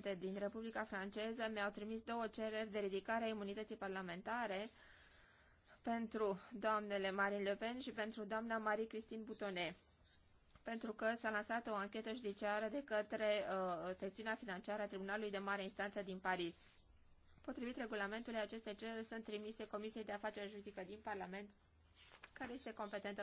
prezente din Republica Franceză mi-au trimis două cereri de ridicare a imunității parlamentare pentru doamnele Marine Le Pen și pentru doamna Marie-Christine Butonet pentru că s-a lansat o anchetă judiciară de către uh, secțiunea financiară a Tribunalului de Mare Instanță din Paris. Potrivit regulamentului, aceste cereri sunt trimise Comisiei de Afaceri Juridică din Parlament, care este competentă